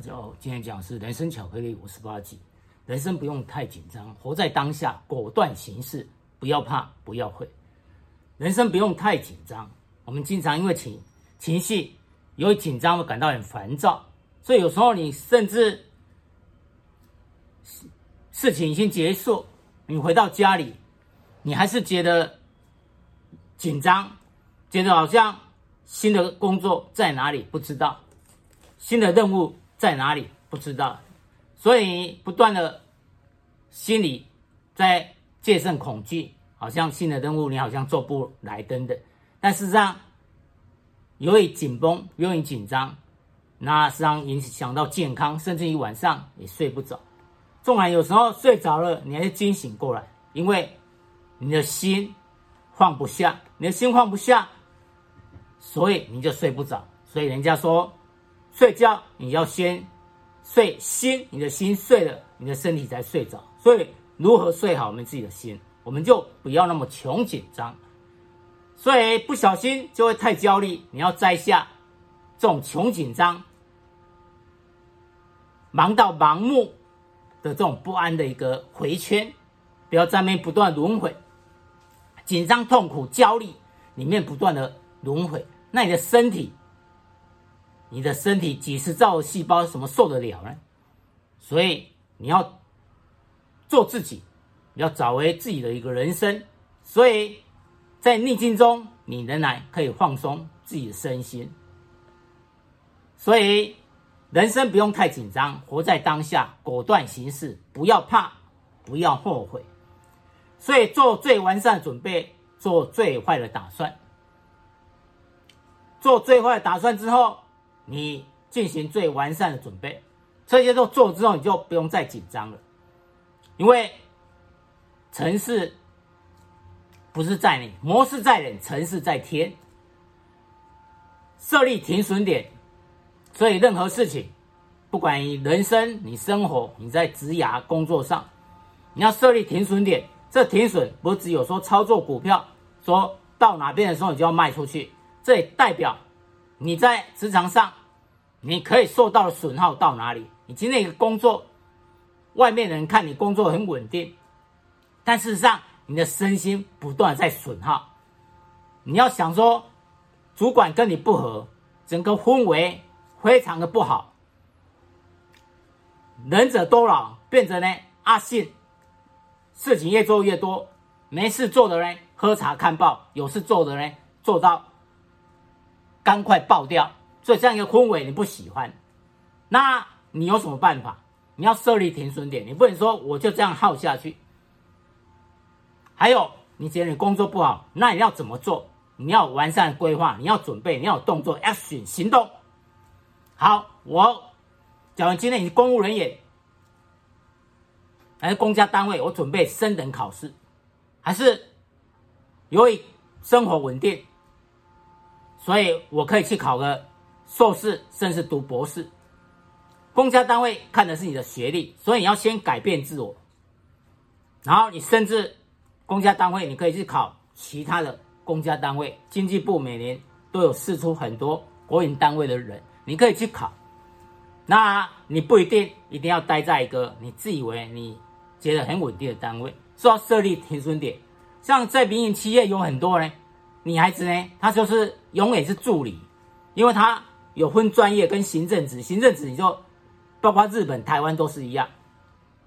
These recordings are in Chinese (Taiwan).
就、哦、今天講是人生巧克力五十八集，人生不用太緊張，活在當下，果斷行事，不要怕，不要悔。人生不用太緊張，我們經常因為情情緒由於緊張，會感到很煩躁，所以有時候你甚至事情已經結束，你回到家裡，你還是覺得緊張，覺得好像新的工作在哪裡不知道，新的任務。在哪裡不知道，所以你不斷的心理在戒慎恐懼，好像新的任務你好像做不來等等。但事實上，由於緊繃，由於緊張，那實際上影響到健康，甚至於晚上也睡不着。縱然有時候睡着了，你還是驚醒過來，因為你的心放不下，你的心放不下，所以你就睡不着。所以人家說。睡覺，你要先睡心，你的心睡了，你的身體才睡着。所以，如何睡好我們自己的心，我們就不要那麼窮緊張。所以，不小心就會太焦慮。你要摘下這種窮緊張、忙到盲目的這種不安的一個迴圈，不要在那邊不斷輪迴，緊張、痛苦焦、焦慮裡面不斷的輪迴，那你的身體。你的身體幾十兆細胞怎麼受得了呢？所以你要做自己，你要找回自己的一個人生。所以在逆境中，你仍然可以放鬆自己的身心。所以人生不用太緊張，活在當下，果斷行事，不要怕，不要後悔。所以做最完善的準備，做最壞的打算。做最壞的打算之後。你進行最完善的準備，這些都做了之後，你就不用再緊張了，因為成事不是在你，謀事在人，成事在天。設立停損點，所以任何事情，不管你人生、你生活、你在職涯、工作上，你要設立停損點。這停損不只有說操作股票，說到哪邊的時候你就要賣出去，這也代表你在職場上。你可以受到的損耗到哪裡？你今天的個工作，外面的人看你工作很穩定，但事實上你的身心不斷在損耗。你要想說，主管跟你不合，整個氛圍非常的不好。能者多勞，變成呢阿信，事情越做越多，沒事做的呢喝茶看報，有事做的呢做到肝快爆掉。所以這樣一個氛圍你不喜歡，那你有什麼辦法？你要設立停損點，你不能說我就這樣耗下去。還有，你覺得你工作不好，那你要怎麼做？你要完善規劃，你要準備，你要有動作，action 行動。好，我假如今天你是公務人員，還是公家單位，我準備升等考試，還是由於生活穩定，所以我可以去考個。碩士，甚至讀博士，公家單位看的是你的學歷，所以你要先改變自我。然後你甚至公家單位，你可以去考其他的公家單位。經濟部每年都有試出很多國營單位的人，你可以去考。那你不一定一定要待在一個你自以為你覺得很穩定的單位。是要設立停損點，像在民營企業有很多呢，女孩子呢，她就是永遠是助理，因為她。有分專業跟行政職，行政職你就包括日本、台灣都是一樣。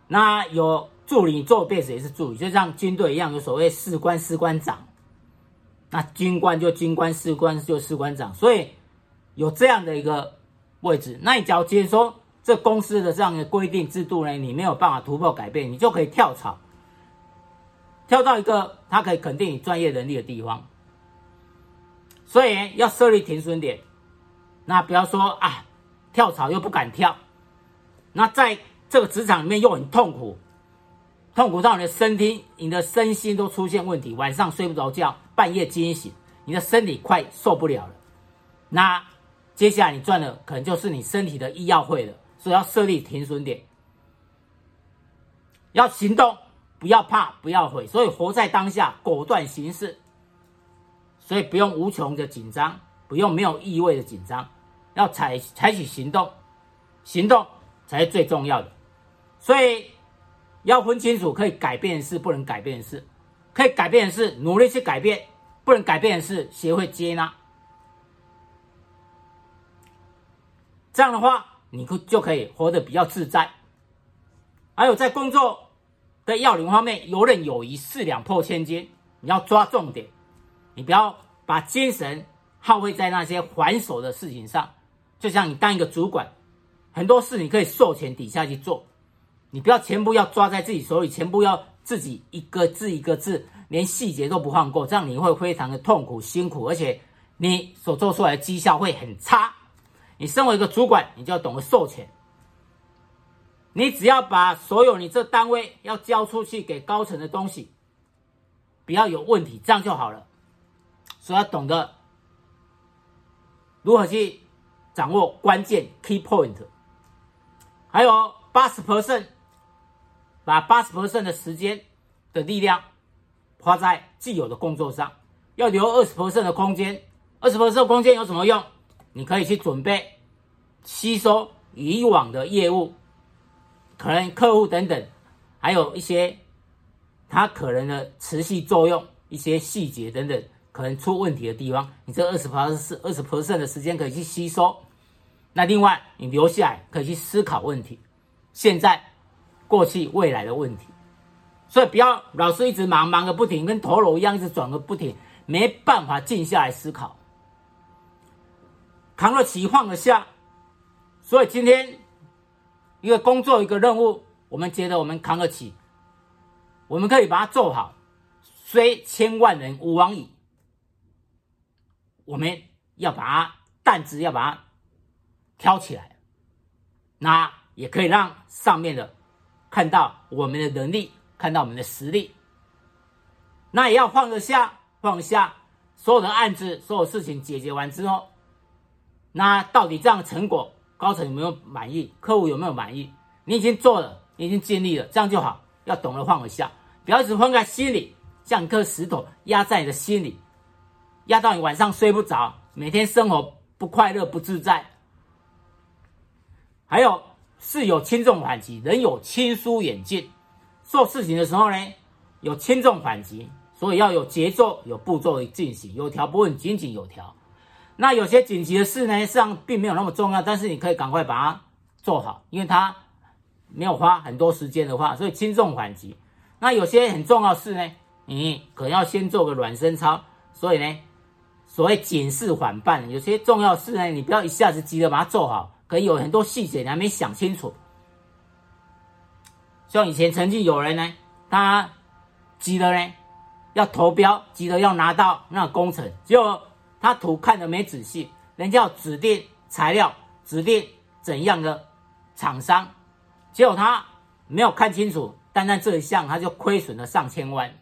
那有助理，你做一輩子也是助理，就像軍隊一樣，有所謂士官、士官長。那軍官就軍官，士官就士官長，所以有這樣的一個位置。那你只要接收這公司的這樣的規定制度呢，你沒有辦法突破改變，你就可以跳槽，跳到一個他可以肯定你專業能力的地方。所以要設立停損點。那不要說啊，跳槽又不敢跳，那在這個職場裡面又很痛苦，痛苦到你的身體、你的身心都出現問題，晚上睡不着覺，半夜驚醒，你的身體快受不了了。那接下來你賺的可能就是你身體的醫藥費了，所以要設立停損點，要行動，不要怕，不要悔，所以活在當下，果斷行事，所以不用無窮的緊張，不用沒有意味的緊張。要採採取行動，行動才是最重要的。所以要分清楚可以改變的事，不能改變的事。可以改變的事努力去改變，不能改變的事學會接納。這樣的話，你可就可以活得比較自在。還有在工作的要領方面，游刃有餘，四兩撥千斤。你要抓重點，你不要把精神耗費在那些繁瑣的事情上。就像你當一個主管，很多事你可以授權底下去做，你不要全部要抓在自己手裡，全部要自己一個字一個字，連細節都不放過，這樣你會非常的痛苦辛苦，而且你所做出來的績效會很差。你身為一個主管，你就要懂得授權，你只要把所有你這單位要交出去給高層的東西，不要有問題，這樣就好了。所以要懂得如何去。掌握關鍵 key point，還有八十 percent，把八十 percent 的時間的力量花在既有的工作上，要留二十 percent 的空間。二十 percent 的空間有什麼用？你可以去準備吸收以往的業務，可能客戶等等，還有一些他可能的持續作用，一些細節等等，可能出問題的地方。你這二十 percent 是二十 percent 的時間可以去吸收。那另外，你留下來可以去思考問題，現在、過去、未來的問題。所以不要老是一直忙，忙個不停，跟陀螺一樣一直轉個不停，沒辦法靜下來思考，扛得起，放得下。所以今天一個工作一個任務，我們覺得我們扛得起，我們可以把它做好，雖千萬人吾往矣。我們要把擔子，要把。挑起來，那也可以讓上面的看到我們的能力，看到我們的實力。那也要放得下，放下所有的案子，所有的事情解決完之後，那到底這樣的成果，高層有沒有滿意？客戶有沒有滿意？你已經做了，你已經盡力了，這樣就好。要懂得放得下，不要只放在心裡，像一顆石頭壓在你的心裡，壓到你晚上睡不着，每天生活不快樂、不自在。還有事有輕重緩急，人有親疏遠近，做事情的時候呢，有輕重緩急，所以要有節奏、有步驟的進行，有條不紊，井井有條。那有些緊急的事呢，實際上並沒有那麼重要，但是你可以趕快把它做好，因為它沒有花很多時間的話，所以輕重緩急。那有些很重要的事呢，你可能要先做個暖身操。所以呢，所謂緊事緩辦，有些重要的事呢，你不要一下子急着把它做好。可以有很多細節你還沒想清楚，像以前曾經有人呢，他急的呢，要投標，急的要拿到那個工程，結果他圖看的沒仔細，人家要指定材料、指定怎樣的廠商，結果他沒有看清楚，單單這一項他就虧損了上千萬。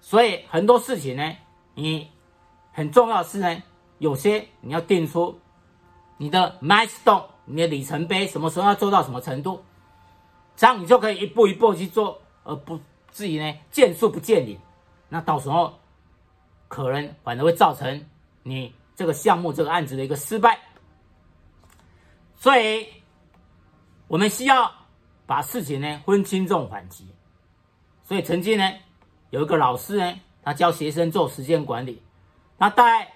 所以很多事情呢，你很重要的是呢，有些你要定出。你的 milestone，你的里程碑，什麼時候要做到什麼程度？這樣你就可以一步一步去做，而不至於呢見樹不見林。那到時候可能反而會造成你這個項目、這個案子的一個失敗。所以，我們需要把事情呢分輕重緩急。所以曾經呢有一個老師呢，他教學生做時間管理，那大概，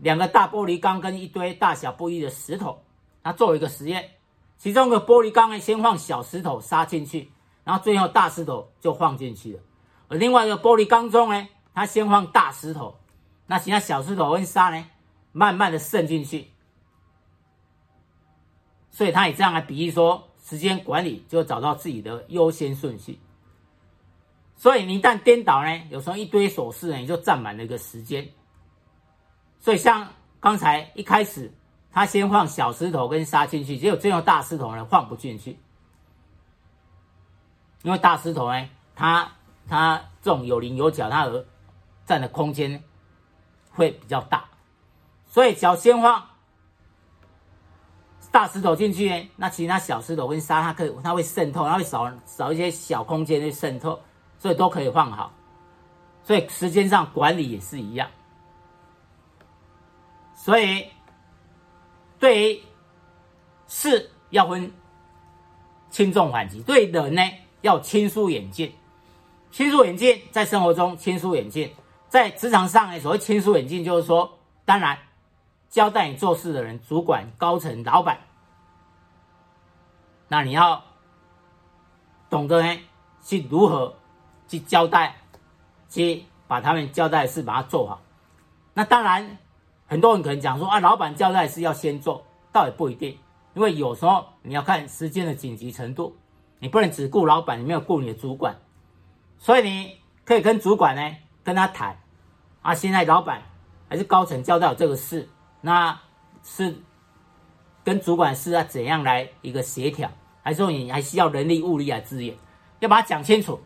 兩個大玻璃缸跟一堆大小不一的石頭，他做了一個實驗。其中一個玻璃缸呢，先放小石頭、沙進去，然後最後大石頭就放進去了。而另外一個玻璃缸中呢，他先放大石頭，那其他小石頭跟沙呢，慢慢的滲進去。所以他也這樣來比喻說，時間管理就找到自己的優先順序。所以你一旦顛倒呢，有時候一堆瑣事呢，你就占滿了一個時間。所以，像剛才一開始，他先放小石頭跟沙進去，結果最後大石頭呢放不進去，因為大石頭呢，它它這種有稜有角，它占的空間會比較大，所以腳先放大石頭進去呢，那其他小石頭跟沙，它可以它會滲透，它會少少一些小空間的滲透，所以都可以放好，所以時間上管理也是一樣。所以，對於事要分輕重緩急，對人呢要親疏遠近。親疏遠近，在生活中，親疏遠近，在職場上呢，所謂親疏遠近，就是說，當然，交代你做事的人，主管、高層、老闆，那你要懂得呢，去如何去交代，去把他們交代的事把它做好。那當然。很多人可能講說啊，老闆交代是要先做，倒也不一定，因為有時候你要看時間的緊急程度，你不能只顧老闆，你沒有顧你的主管，所以你可以跟主管呢跟他談。啊，現在老闆還是高層交代有這個事，那是跟主管是要怎樣來一個協調，還是說你還需要人力、物力啊資源，要把它講清楚，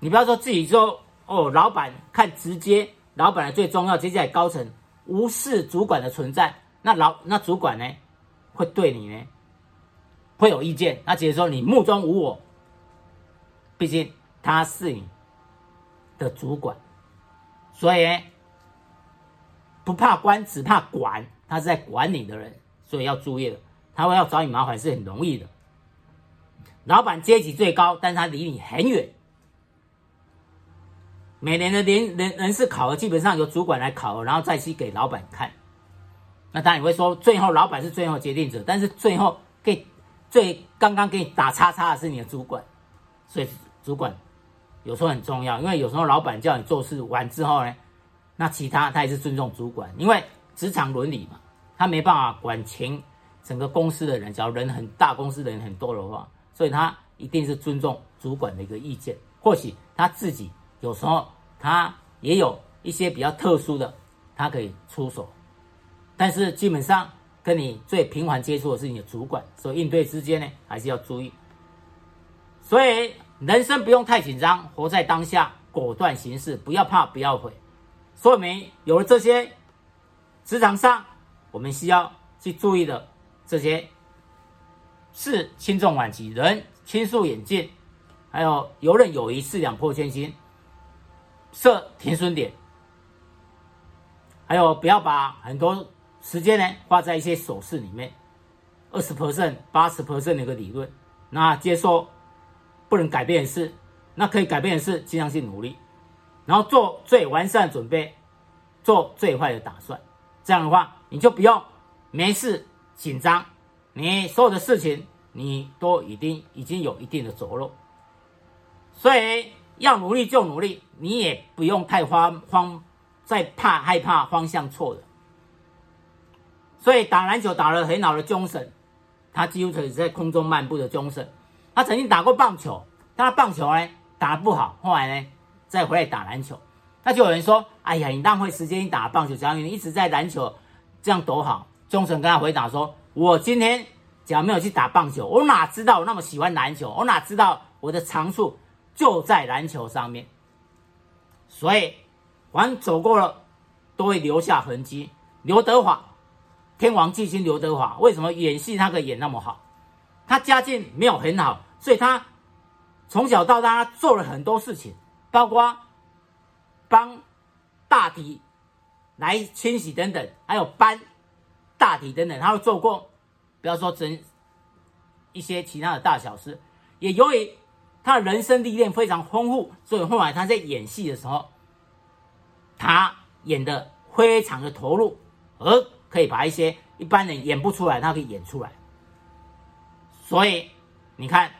你不要說自己說哦，老闆看直接，老闆的最重要，接下來高層。無視主管的存在，那老那主管呢，會對你呢會有意見。那也就是說你目中無我，畢竟他是你的主管，所以不怕官，只怕管。他是在管你的人，所以要注意了，他會要找你麻煩是很容易的。老闆階級最高，但他離你很遠。每年的人人人事考核基本上由主管來考核，然後再去給老板看。那當然你會說，最後老板是最後決定者，但是最後給最剛剛給你打叉叉的是你的主管，所以主管有時候很重要。因為有時候老板叫你做事完之後呢，那其他他也是尊重主管，因為職場倫理嘛，他沒辦法管情，整個公司的人，只要人很大，公司的人很多的話，所以他一定是尊重主管的一個意見，或許他自己。有時候他也有一些比較特殊的，他可以出手，但是基本上跟你最頻繁接觸的是你的主管，所以應對之間呢，還是要注意。所以人生不用太緊張，活在當下，果斷行事，不要怕，不要悔。說明有了這些，職場上我們需要去注意的這些事輕重緩急，人，人親疏遠近，還有游刃有餘，四兩撥千斤。設停損點，還有不要把很多時間呢花在一些手勢裡面，二十 percent、八十 percent 的一個理論。那接受不能改變的事，那可以改變的事盡量去努力，然後做最完善的準備，做最壞的打算。這樣的話，你就不用沒事緊張，你所有的事情你都一定已經有一定的着落，所以。要努力就努力，你也不用太慌慌，再怕害怕方向錯了。所以打籃球打了很老的精神，他幾乎就是在空中漫步的精神。他曾經打過棒球，但他棒球呢打不好，後來呢再回來打籃球。他就有人說：“哎呀，你浪費時間，你打棒球，只要你一直在籃球，這樣多好。”精神跟他回答說：“我今天假如沒有去打棒球，我哪知道我那麼喜歡籃球？我哪知道我的長處？”就在籃球上面，所以凡走過了都會留下痕跡。劉德華，天王巨星劉德華，為什麼演戲他可以演那麼好？他家境沒有很好，所以他從小到大做了很多事情，包括幫大體來清洗等等，還有搬大體等等，他都做過。不要說整一些其他的大小事，也由於。他的人生歷練非常豐富，所以後來他在演戲的時候，他演得非常的投入，而可以把一些一般人演不出來，他可以演出來。所以你看，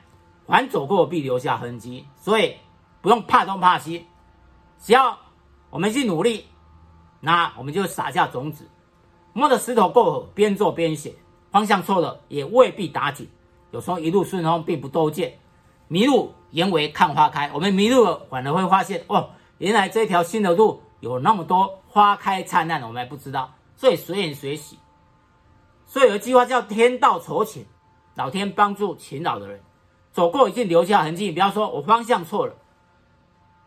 凡走過必留下痕跡，所以不用怕東怕西，只要我們去努力，那我們就撒下種子，摸着石頭過河，邊做邊寫。方向錯了也未必打緊，有時候一路順風並不多見。迷路原為看花開，我們迷路了，反而會發現哦，原來這條新的路有那麼多花開燦爛，我們還不知道，所以隨緣隨喜。所以有一句話叫“天道酬勤”，老天幫助勤勞的人。走過，已經留下了痕跡。不要說我方向錯了，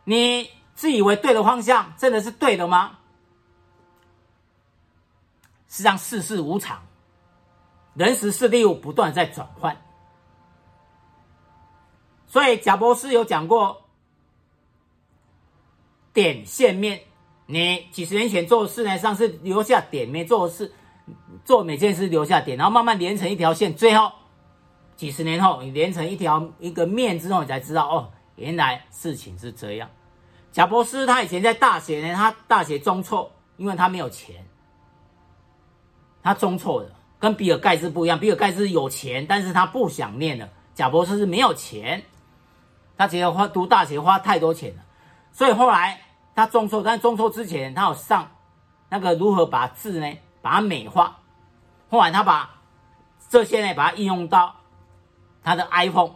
你自以為對的方向真的是對的嗎？實際上，世事無常，人時事利物不斷在轉換。所以賈伯斯有講過，點線面，你幾十年前做的事呢，上是留下點面做的事，做每件事留下點，然後慢慢連成一條線，最後幾十年後你連成一條一個面之後，你才知道哦，原來事情是這樣。賈伯斯他以前在大學呢，他大學中輟，因為他沒有錢，他中輟了，跟比爾蓋茨不一樣，比爾蓋茨有錢，但是他不想念了，賈伯斯是沒有錢。他覺得花讀大學花太多錢了，所以後來他中輟，但是中輟之前他有上那個如何把字呢，把它美化，後來他把這些呢把它應用到他的 iPhone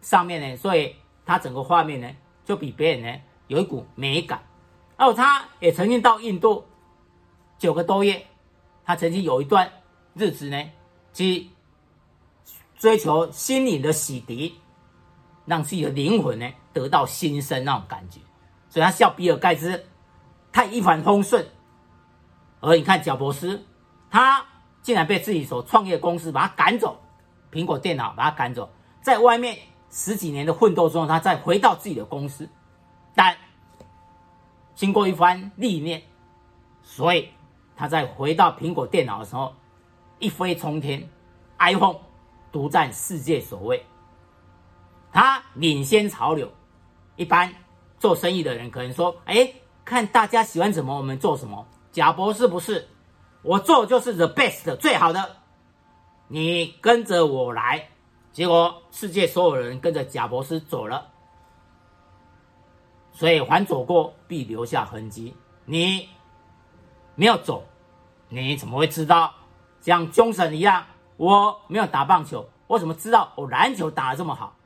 上面呢，所以他整個畫面呢就比別人呢有一股美感。然後他也曾經到印度九個多月，他曾經有一段日子呢去追求心靈的洗滌。讓自己的靈魂呢得到新生那種感覺，所以他笑比爾蓋茨太一帆風順，而你看賈伯斯，他竟然被自己所創業公司把他趕走，蘋果電腦把他趕走，在外面十幾年的奮鬥中，他再回到自己的公司，但經過一番歷練，所以他在回到蘋果電腦的時候一飛沖天，iPhone 獨佔世界首位。他領先潮流，一般做生意的人可能說：“哎、欸，看大家喜歡什麼，我們做什麼。”賈伯斯不是，我做就是 the best 最好的，你跟着我來，結果世界所有人跟着賈伯斯走了。所以，凡走過必留下痕跡。你沒有走，你怎麼會知道？像鍾神一樣，我沒有打棒球，我怎麼知道我籃球打得這麼好？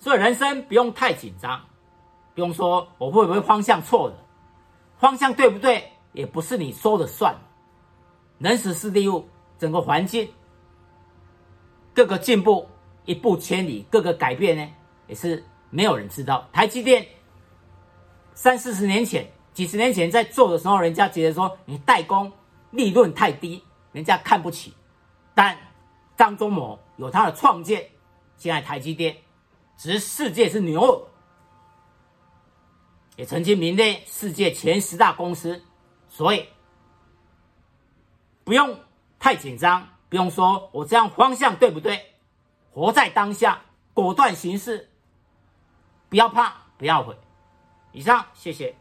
所以人生不用太緊張，不用說我會不會方向錯了，方向對不對也不是你說了算的。人事時地物、整個環境，各個進步一步千里，各個改變呢，也是沒有人知道。台積電三四十年前，幾十年前在做的時候，人家覺得說你代工利潤太低，人家看不起。但張忠謀有他的創建，現在台積電值世界是牛，也曾經名列世界前十大公司，所以不用太緊張，不用說我這樣方向對不對，活在當下，果斷行事，不要怕，不要悔。以上，謝謝。